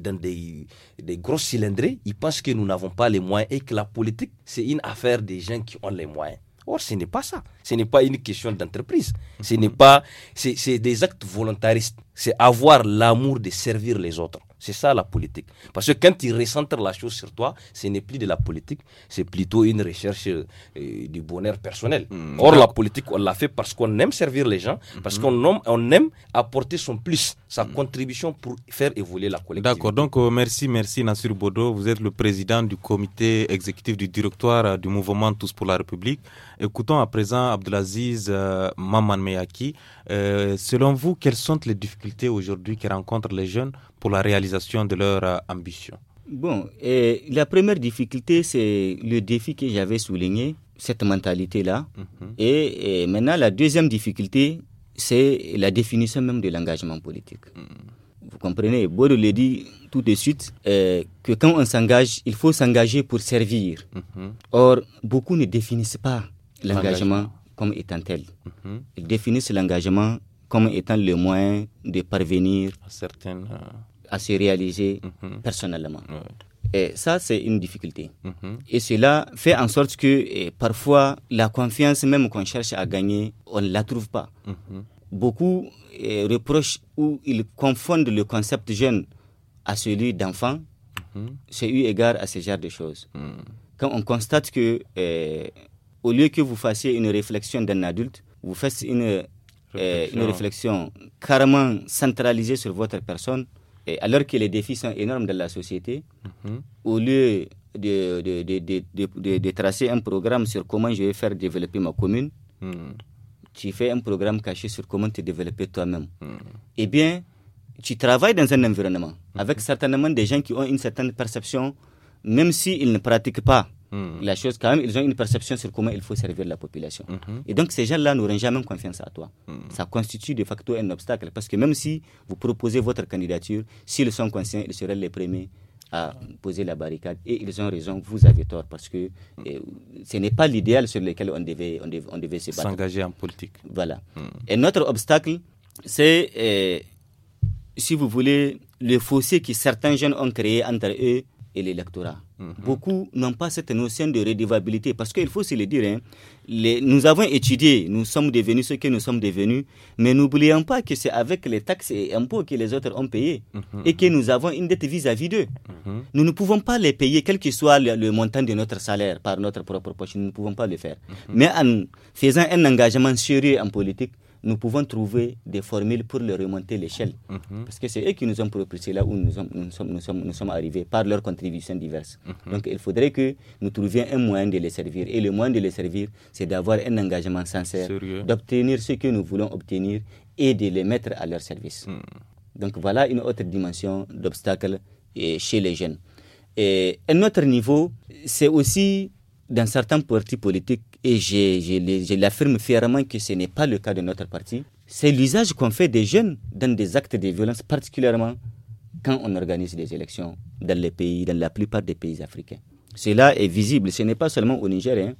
dans des, des gros cylindrés. Ils pensent que nous n'avons pas les moyens et que la politique, c'est une affaire des gens qui ont les moyens. Or, ce n'est pas ça. Ce n'est pas une question d'entreprise. Ce n'est pas, c'est des actes volontaristes. C'est avoir l'amour de servir les autres. C'est ça la politique. Parce que quand tu recentres la chose sur toi, ce n'est plus de la politique, c'est plutôt une recherche euh, du bonheur personnel. Hmm. Or, la politique, on l'a fait parce qu'on aime servir les gens, parce hmm. qu'on aime, on aime apporter son plus, sa hmm. contribution pour faire évoluer la collectivité. D'accord, donc euh, merci, merci Nassir Bodo. Vous êtes le président du comité exécutif du directoire euh, du mouvement Tous pour la République. Écoutons à présent Abdelaziz euh, Maman Meyaki, euh, selon vous, quelles sont les difficultés aujourd'hui que rencontrent les jeunes pour la réalisation de leur ambitions euh, ambition Bon, la première difficulté, c'est le défi que j'avais souligné, cette mentalité-là. Mhm. et, maintenant, la deuxième difficulté, c'est la définition même de l'engagement politique. Mhm. Vous comprenez, Bodo le dit tout de suite, que quand on s'engage, il faut s'engager pour servir. Mhm. Or, beaucoup ne définissent pas l'engagement comme étant tel. Mhm. Ils définissent l'engagement comme étant le moyen de parvenir à, euh, à se réaliser mhm. personnellement. Et ça, c'est une difficulté. Mhm. Et cela fait en sorte que eh, parfois, la confiance même qu'on cherche à gagner, on ne la trouve pas. Beaucoup eh, reprochent ou ils confondent le concept jeune à celui d'enfant, c'est eu égard à ce genre de choses. Quand on constate que eh, au lieu que vous fassiez une réflexion d'un adulte, vous faites une, euh, réflexion. une réflexion carrément centralisée sur votre personne, et alors que les défis sont énormes dans la société. Mhm. Au lieu de, de, de, de, tracer un programme sur comment je vais faire développer ma commune, mhm. tu fais un programme caché sur comment te développer toi-même. Mhm. Eh bien, tu travailles dans un environnement avec certainement des gens qui ont une certaine perception, même s'ils ne pratiquent pas Mm-hmm. la chose quand même, ils ont une perception sur comment il faut servir la population. Mm-hmm. Et donc ces gens-là n'auront jamais confiance à toi. Mm-hmm. Ça constitue de facto un obstacle parce que même si vous proposez votre candidature, s'ils sont conscients, ils seraient les premiers à poser la barricade. Et ils ont raison, vous avez tort, parce que mm. euh, ce n'est pas l'idéal sur lequel on devait, on devait, se battre. S'engager en politique. Voilà. Et mm. notre obstacle, c'est, euh, si vous voulez, le fossé que certains jeunes ont créé entre eux et l'électorat. Mhm. Beaucoup n'ont pas cette notion de redevabilité parce qu'il faut se le dire, hein, les, nous avons étudié, nous sommes devenus ce que nous sommes devenus, mais n'oublions pas que c'est avec les taxes et impôts que les autres ont payé mhm. et que nous avons une dette vis-à-vis d'eux. Mhm. Nous ne pouvons pas les payer quel que soit le, montant de notre salaire par notre propre poche, nous ne pouvons pas le faire. Mais en faisant un engagement sérieux en politique, nous pouvons trouver des formules pour leur remonter l'échelle. Mhm. Parce que c'est eux qui nous ont propulsés là où nous, sommes, nous, sommes, nous, sommes, arrivés par leurs contributions diverses. Mhm. Donc il faudrait que nous trouvions un moyen de les servir. Et le moyen de les servir, c'est d'avoir un engagement sincère, d'obtenir ce que nous voulons obtenir et de les mettre à leur service. Mhm. Donc voilà une autre dimension d'obstacle euh, chez les jeunes. Et un autre niveau, c'est aussi dans certains partis politiques et je, l'affirme fièrement que ce n'est pas le cas de notre parti, c'est l'usage qu'on fait des jeunes dans des actes de violence, particulièrement quand on organise des élections dans les pays, dans la plupart des pays africains. Cela est visible, ce n'est pas seulement au Niger, hein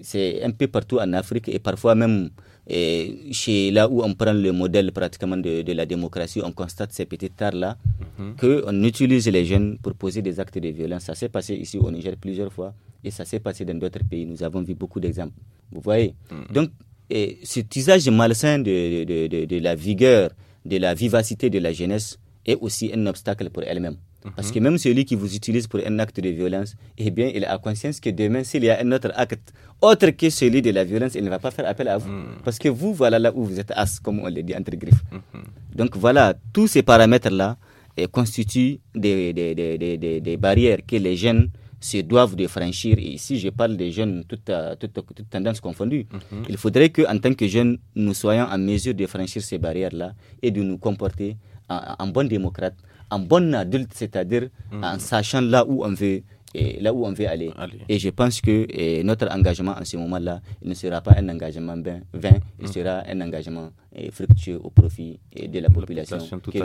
c'est un peu partout en Afrique et parfois même eh, chez là où on prend le modèle pratiquement de, la démocratie, on constate ces petits tards là mhm. que on qu'on utilise les jeunes pour poser des actes de violence. Ça s'est passé ici au Niger plusieurs fois et ça s'est passé dans d'autres pays. Nous avons vu beaucoup d'exemples. Vous voyez mhm. Donc, eh, cet usage malsain de, de, la vigueur, de la vivacité de la jeunesse est aussi un obstacle pour elle-même. Parce mhm. que même celui qui vous utilise pour un acte de violence, eh bien, il a conscience que demain, s'il y a un autre acte autre que celui de la violence, il ne va pas faire appel à vous. Mhm. Parce que vous, voilà là où vous êtes as, comme on le dit entre griffes. Mhm. Donc voilà, tous ces paramètres-là eh, constituent des, des, des, des, barrières que les jeunes se doivent de franchir. Et ici, je parle des jeunes, toute, euh, toute, tendances confondues. Il faudrait qu'en tant que jeunes, nous soyons en mesure de franchir ces barrières-là et de nous comporter en, en démocrate en bon adulte, c'est-à-dire en mm. sachant là où on veut là où on veut aller. Et je pense que eh, notre engagement en ce moment-là, il ne sera pas un engagement ben vain, il sera un engagement eh, fructueux au profit eh, de la population, que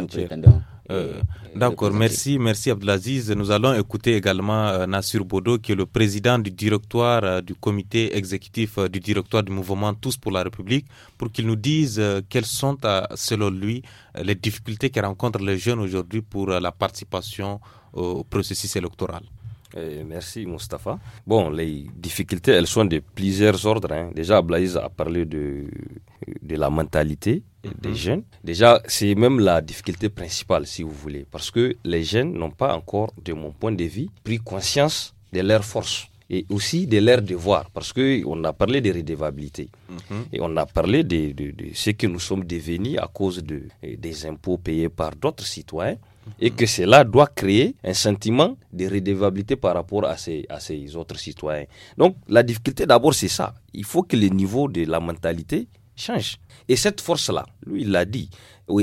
nous euh, D'accord, merci, merci Abdelaziz. Nous allons écouter également euh, Nassir Bodo, qui est le président du directoire euh, du comité exécutif du directoire du mouvement Tous pour la République, pour qu'il nous dise quelles sont, selon lui, les difficultés que rencontrent les jeunes aujourd'hui pour la participation au processus électoral. Eh, merci Mustapha. Bon, les difficultés, elles sont de plusieurs ordres. Hein. Déjà, Blaise a parlé de, de la mentalité des mhm. jeunes. Déjà, c'est même la difficulté principale, si vous voulez, parce que les jeunes n'ont pas encore, de mon point de vue, pris conscience de leurs force et aussi de leurs devoir. parce qu'on a parlé de redévabilité mhm. et on a parlé de, de, de, ce que nous sommes devenus à cause de, des impôts payés par d'autres citoyens et que cela doit créer un sentiment de redevabilité par rapport à ces, à ces autres citoyens. Donc la difficulté d'abord c'est ça. Il faut que le niveau de la mentalité change. Et cette force-là, lui il l'a dit,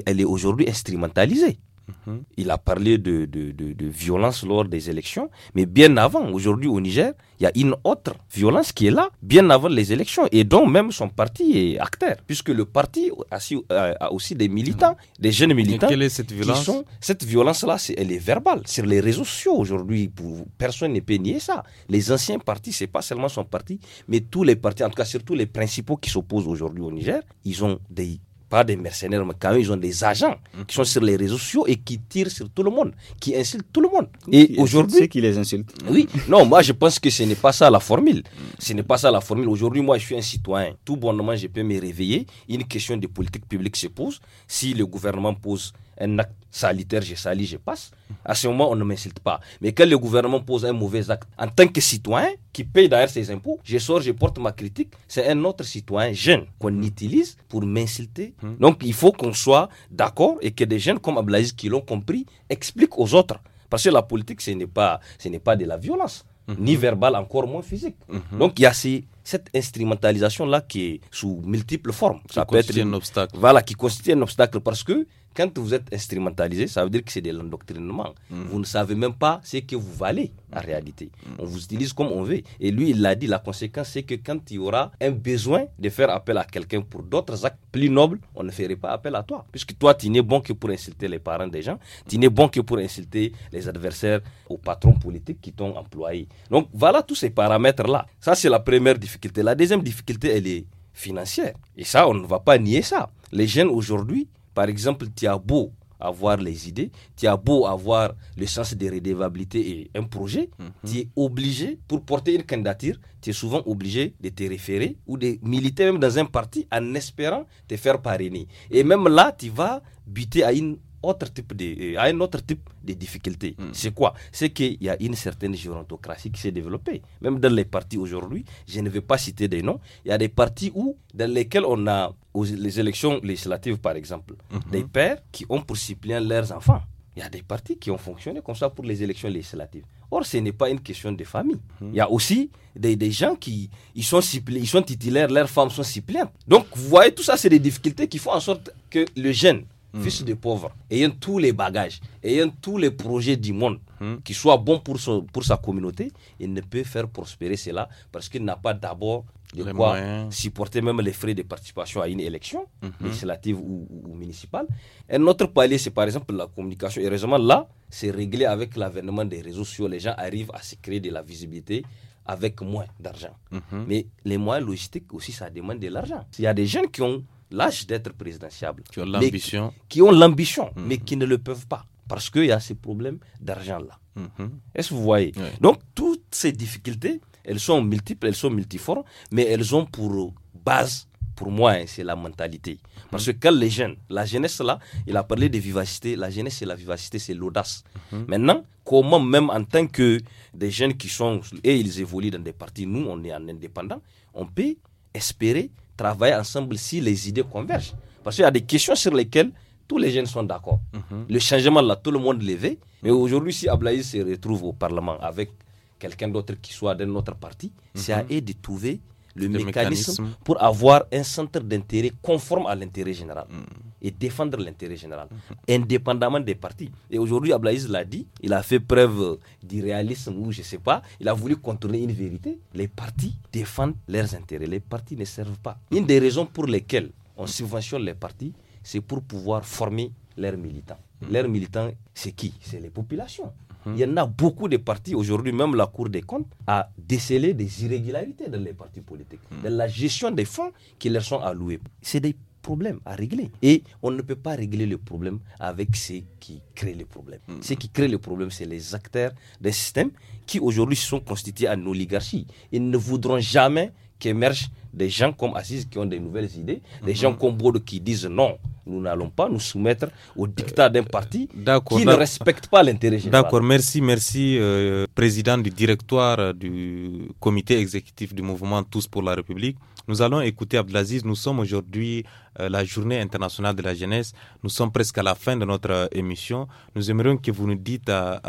elle est aujourd'hui instrumentalisée. Mhm. Il a parlé de, de, violence lors des élections, mais bien avant, aujourd'hui au Niger, il y a une autre violence qui est là, bien avant les élections, et dont même son parti est acteur, puisque le parti a, aussi des militants, des jeunes militants. quelle est cette violence Cette violence-là, elle est verbale. Sur les réseaux sociaux aujourd'hui, personne ne peut ça. Les anciens partis, ce n'est pas seulement son parti, mais tous les partis, en tout cas surtout les principaux qui s'opposent aujourd'hui au Niger, ils ont des pas des mercenaires, mais quand même, ils ont des agents qui mhm. sont sur les réseaux sociaux et qui tirent sur tout le monde, qui insultent tout le monde. Et aujourd'hui. C'est qui les insulte. Oui, non, moi je pense que ce n'est pas ça la formule. Ce n'est pas ça la formule. Aujourd'hui, moi je suis un citoyen. Tout bonnement, je peux me réveiller. Une question de politique publique se pose. Si le gouvernement pose un acte salitaire, je salis, je passe. À ce moment, on ne m'insulte pas. Mais quand le gouvernement pose un mauvais acte, en tant que citoyen qui paye derrière ses impôts, je sors, je porte ma critique. C'est un autre citoyen jeune qu'on hmm. utilise pour m'insulter. Hmm. Donc il faut qu'on soit d'accord et que des jeunes comme Ablaïs qui l'ont compris expliquent aux autres. Parce que la politique, ce n'est pas, ce n'est pas de la violence, hmm. ni verbale, encore moins physique. Donc il y a cette instrumentalisation-là qui est sous multiples formes. Qui Ça peut un obstacle. Voilà, qui constitue un obstacle parce que quand vous êtes instrumentalisé, ça veut dire que c'est de l'endoctrinement. Mhm. Vous ne savez même pas ce que vous valez en mhm. réalité. Mhm. On vous utilise comme on veut. Et lui, il l'a dit, la conséquence, c'est que quand il y aura un besoin de faire appel à quelqu'un pour d'autres actes plus nobles, on ne ferait pas appel à toi. Puisque toi, tu n'es bon que pour insulter les parents des gens, tu n'es bon que pour insulter les adversaires aux patrons politiques qui t'ont employé. Donc voilà tous ces paramètres-là. Ça, c'est la première difficulté. La deuxième difficulté, elle est financière. Et ça, on ne va pas nier ça. Les jeunes aujourd'hui, par exemple, tu as beau avoir les idées, tu as beau avoir le sens de redevabilité et un projet, mhm. tu es obligé, pour porter une candidature, tu es souvent obligé de te référer ou de militer même dans un parti en espérant te faire parrainer. Et même là, tu vas buter à une autre type de, euh, à un autre type de difficulté. Hmm. C'est quoi C'est qu'il y a une certaine gérontocratie qui s'est développée. Même dans les partis aujourd'hui, je ne vais pas citer des noms, il y a des partis où, dans lesquels on a, aux, les élections législatives par exemple, mhm. des pères qui ont pour suppléant leurs enfants. Il y a des partis qui ont fonctionné comme ça pour les élections législatives. Or, ce n'est pas une question de famille. Hmm. Il y a aussi des, des gens qui ils sont, ils sont titulaires, leurs femmes sont suppléantes. Donc, vous voyez, tout ça, c'est des difficultés qui font en sorte que le jeune, Mm. fils de pauvre, ayant tous les bagages, ayant tous les projets du monde, mm. qui soient bons pour, pour sa communauté, il ne peut faire prospérer cela parce qu'il n'a pas d'abord de quoi supporter même les frais de participation à une élection mm-hmm. législative ou, municipale. Un autre palier, c'est par exemple la communication. Et heureusement, là, c'est réglé avec l'avènement des réseaux sociaux. Les gens arrivent à se créer de la visibilité avec moins d'argent. Mm-hmm. Mais les moyens logistiques aussi, ça demande de l'argent. Il y a des gens qui ont lâche d'être présidentiable. Qui ont l'ambition. Qui, ont l'ambition, mhm. mais qui ne le peuvent pas. Parce qu'il y a ces problèmes d'argent-là. Mhm. Est-ce que vous voyez Donc, toutes ces difficultés, elles sont multiples, elles sont multiformes, mais elles ont pour base, pour moi, hein, c'est la mentalité. Parce mhm. que quand les jeunes, la jeunesse là, il a parlé de vivacité, la jeunesse c'est la vivacité, c'est l'audace. Maintenant, comment même en tant que des jeunes qui sont, et ils évoluent dans des partis, nous on est en indépendant, on peut espérer travailler ensemble si les idées convergent. Parce qu'il y a des questions sur lesquelles tous les jeunes sont d'accord. Mhm. Le changement, là, tout le monde le Mais aujourd'hui, si ablaï se retrouve au Parlement avec quelqu'un d'autre qui soit d'un autre parti, mhm. c'est à eux de trouver le mécanisme, pour avoir un centre d'intérêt conforme à l'intérêt général. Mhm et défendre l'intérêt général, indépendamment des partis. Et aujourd'hui, Ablaïs l'a dit, il a fait preuve d'irréalisme ou je sais pas, il a voulu contourner une vérité. Les partis défendent leurs intérêts, les partis ne servent pas. Une des raisons pour lesquelles on subventionne les partis, c'est pour pouvoir former leurs militants. Mhm. Leurs militants, c'est qui C'est les populations. Mhm. Il y en a beaucoup de partis aujourd'hui, même la Cour des comptes a décelé des irrégularités dans les partis politiques, mhm. dans la gestion des fonds qui leur sont alloués. C'est des problème à régler. Et on ne peut pas régler le problème avec ceux qui créent le problème. Ce hmm. Ceux qui créent le problème, c'est les acteurs des systèmes qui aujourd'hui sont constitués en oligarchie. Ils ne voudront jamais émergent des gens comme Assise qui ont des nouvelles idées, des mhm. gens comme Baudou qui disent non, nous n'allons pas nous soumettre au dictat d'un parti euh, qui ne respecte pas l'intérêt général. D'accord, merci, merci, euh, président du directoire du comité exécutif du mouvement Tous pour la République. Nous allons écouter Abdelaziz. Nous sommes aujourd'hui euh, la journée internationale de la jeunesse. Nous sommes presque à la fin de notre émission. Nous aimerions que vous nous dites à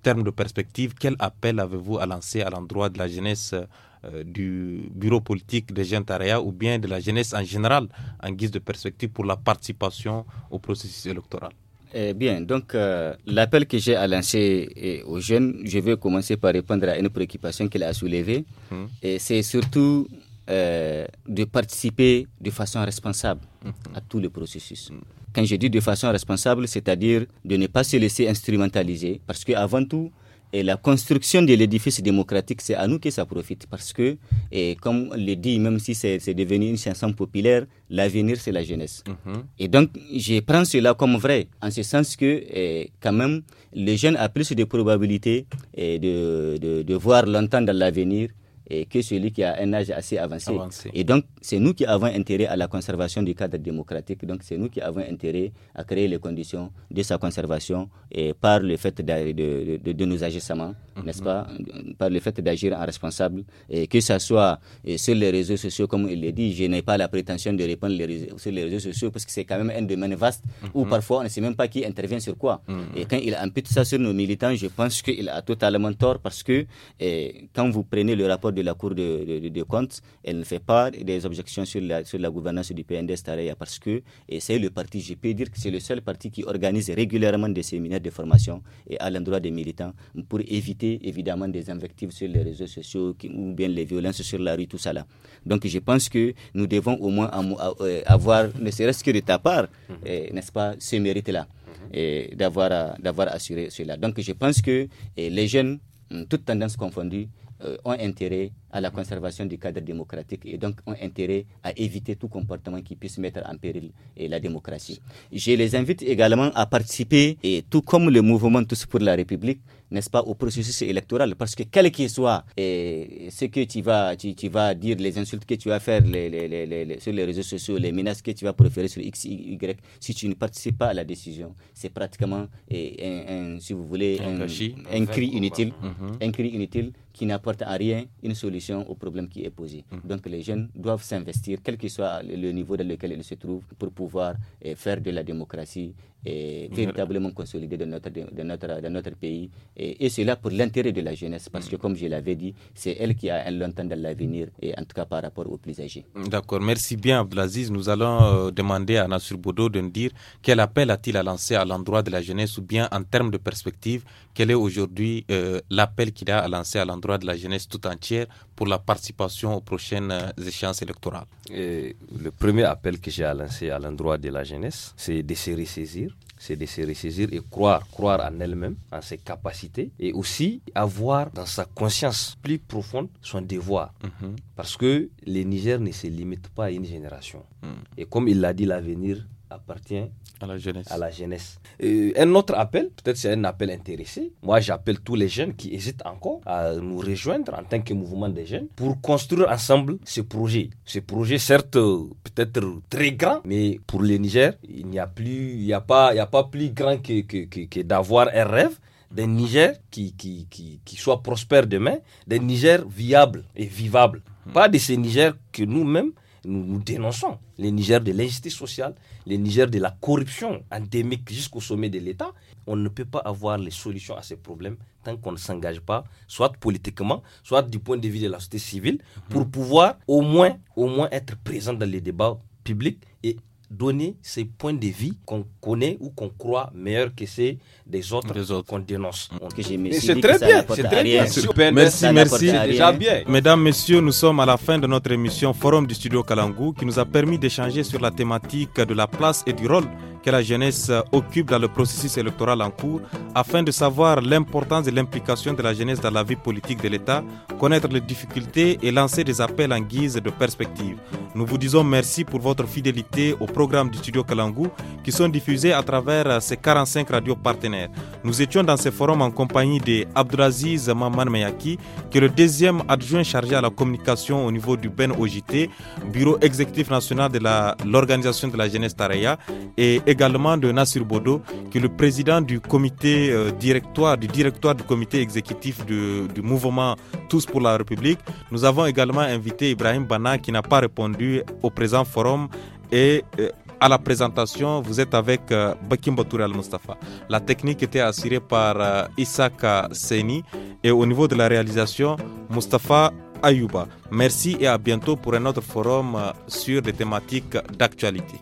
en termes de perspective, quel appel avez-vous à lancer à l'endroit de la jeunesse euh, du bureau politique des jeunes ou bien de la jeunesse en général en guise de perspective pour la participation au processus électoral eh bien, donc euh, l'appel que j'ai à lancer eh, aux jeunes, je vais commencer par répondre à une préoccupation qu'il a soulevée. Hmm. Et c'est surtout euh, de participer de façon responsable à tout le processus. Quand je dis de façon responsable, c'est-à-dire de ne pas se laisser instrumentaliser, parce qu'avant tout, et la construction de l'édifice démocratique, c'est à nous que ça profite. Parce que, et comme le dit, même si c'est devenu une chanson populaire, l'avenir, c'est la jeunesse. Mhm. Et donc, je prends cela comme vrai, en ce sens que, quand même, les jeunes ont plus de probabilités de, de, de voir longtemps dans l'avenir et que celui qui a un âge assez avancé. Et donc, c'est nous qui avons intérêt à la conservation du cadre démocratique. Donc, c'est nous qui avons intérêt à créer les conditions de sa conservation et par le fait de, de, de, nos agissements, mhm. n'est-ce pas Par le fait d'agir en responsable, et que ce soit sur les réseaux sociaux, comme il l'a dit, je n'ai pas la prétention de répondre les réseaux, sur les réseaux sociaux parce que c'est quand même un domaine vaste où mhm. parfois on ne sait même pas qui intervient sur quoi. Mhm. Et quand il impute ça sur nos militants, je pense qu'il a totalement tort parce que quand vous prenez le rapport de la Cour de, de, comptes, elle ne fait pas des objections sur la, sur la gouvernance du PND Staria parce que c'est le parti, je peux dire que c'est le seul parti qui organise régulièrement des séminaires de formation et à l'endroit des militants pour éviter évidemment des invectives sur les réseaux sociaux ou bien les violences sur la rue, tout ça là. Donc je pense que nous devons au moins euh, avoir, ne serait-ce que de ta part, mhm. eh, n'est-ce pas, ce mérite-là mhm. d'avoir assuré cela. Donc je pense que eh, les jeunes, mm, toutes tendances confondues, euh, ont intérêt à la mm-hmm. conservation du cadre démocratique et donc ont intérêt à éviter tout comportement qui puisse mettre en péril eh, la démocratie. Je les invite également à participer, et tout comme le mouvement Tous pour la République, n'est-ce pas, au processus électoral, parce que quel que soit eh, ce que tu vas, tu, vas dire, les insultes que tu vas faire les, sur les réseaux sociaux, les menaces que tu vas proférer sur X, Y, si tu ne participes pas à la décision, c'est pratiquement, eh, un, si vous voulez, un, cri inutile, mm-hmm. un cri inutile qui n'apporte à rien une solution au problème qui est posé. Mm. Donc les jeunes doivent s'investir, quel que soit le niveau dans lequel ils se trouvent, pour pouvoir eh, faire de la démocratie et véritablement consolidée de notre, de notre, de notre pays. Et, et cela pour l'intérêt de la jeunesse, parce que mm. comme je l'avais dit, c'est elle qui a un longtemps dans l'avenir, et en tout cas par rapport aux plus âgés. D'accord, merci bien Abdelaziz. Nous allons euh, demander à Nassur Bodo de nous dire quel appel a-t-il à lancer à l'endroit de la jeunesse, ou bien en termes de perspective, quel est aujourd'hui euh, l'appel qu'il a à lancer à l'endroit de la jeunesse tout entière pour la participation aux prochaines euh, échéances électorales Le premier appel que j'ai à lancer à l'endroit de la jeunesse, c'est de saisir ressaisir c'est de se ressaisir et croire, croire en elle-même, en ses capacités, et aussi avoir dans sa conscience plus profonde son devoir. Mhm. Parce que le Niger ne se limite pas à une génération. Mhm. Et comme il l'a dit, l'avenir appartient à la jeunesse. À la jeunesse. Euh, un autre appel, peut-être c'est un appel intéressé. Moi, j'appelle tous les jeunes qui hésitent encore à nous rejoindre en tant que mouvement des jeunes pour construire ensemble ce projet. Ce projet, certes, euh, peut-être très grand, mais pour le Niger, il n'y a plus, il n'y a pas, il y' a pas plus grand que, que, que, d'avoir un rêve d'un Niger qui, qui, qui, qui soit prospère demain, d'un Niger viable et vivable. Hmm. Pas de ce Niger que nous-mêmes, nous, dénonçons les Niger de l'injustice sociale, les Niger de la corruption endémique jusqu'au sommet de l'État. On ne peut pas avoir les solutions à ces problèmes tant qu'on ne s'engage pas, soit politiquement, soit du point de vue de la société civile, pour mm. pouvoir au moins, au moins être présent dans les débats publics et donner ces points de vie qu'on connaît ou qu'on croit meilleurs que ceux des autres, qu'on dénonce. Mm. C'est très bien, c'est très bien. Super, merci, merci. Mesdames, Messieurs, nous sommes à la fin de notre émission Forum du Studio Kalangou qui nous a permis d'échanger sur la thématique de la place et du rôle que la jeunesse occupe dans le processus électoral en cours afin de savoir l'importance et l'implication de la jeunesse dans la vie politique de l'État, connaître les difficultés et lancer des appels en guise de perspective. Nous vous disons merci pour votre fidélité au programme du studio Kalangou qui sont diffusés à travers ces 45 radios partenaires. Nous étions dans ce forum en compagnie de Abdulaziz Maman Meyaki, qui est le deuxième adjoint chargé à la communication au niveau du BEN OJT, Bureau exécutif national de l'Organisation de la jeunesse Tareya, et également de Nassir Bodo, qui est le président du comité euh, directoire, du directoire du comité exécutif du, mouvement Tous pour la République. Nous avons également invité Ibrahim Bana, qui n'a pas répondu au présent forum et euh, à la présentation, vous êtes avec euh, Bakim Batoura Al-Mustafa. La technique était assurée par euh, Isaka et au niveau de la réalisation, Mustafa Ayouba. Merci et à bientôt pour un autre forum sur des thématiques d'actualité.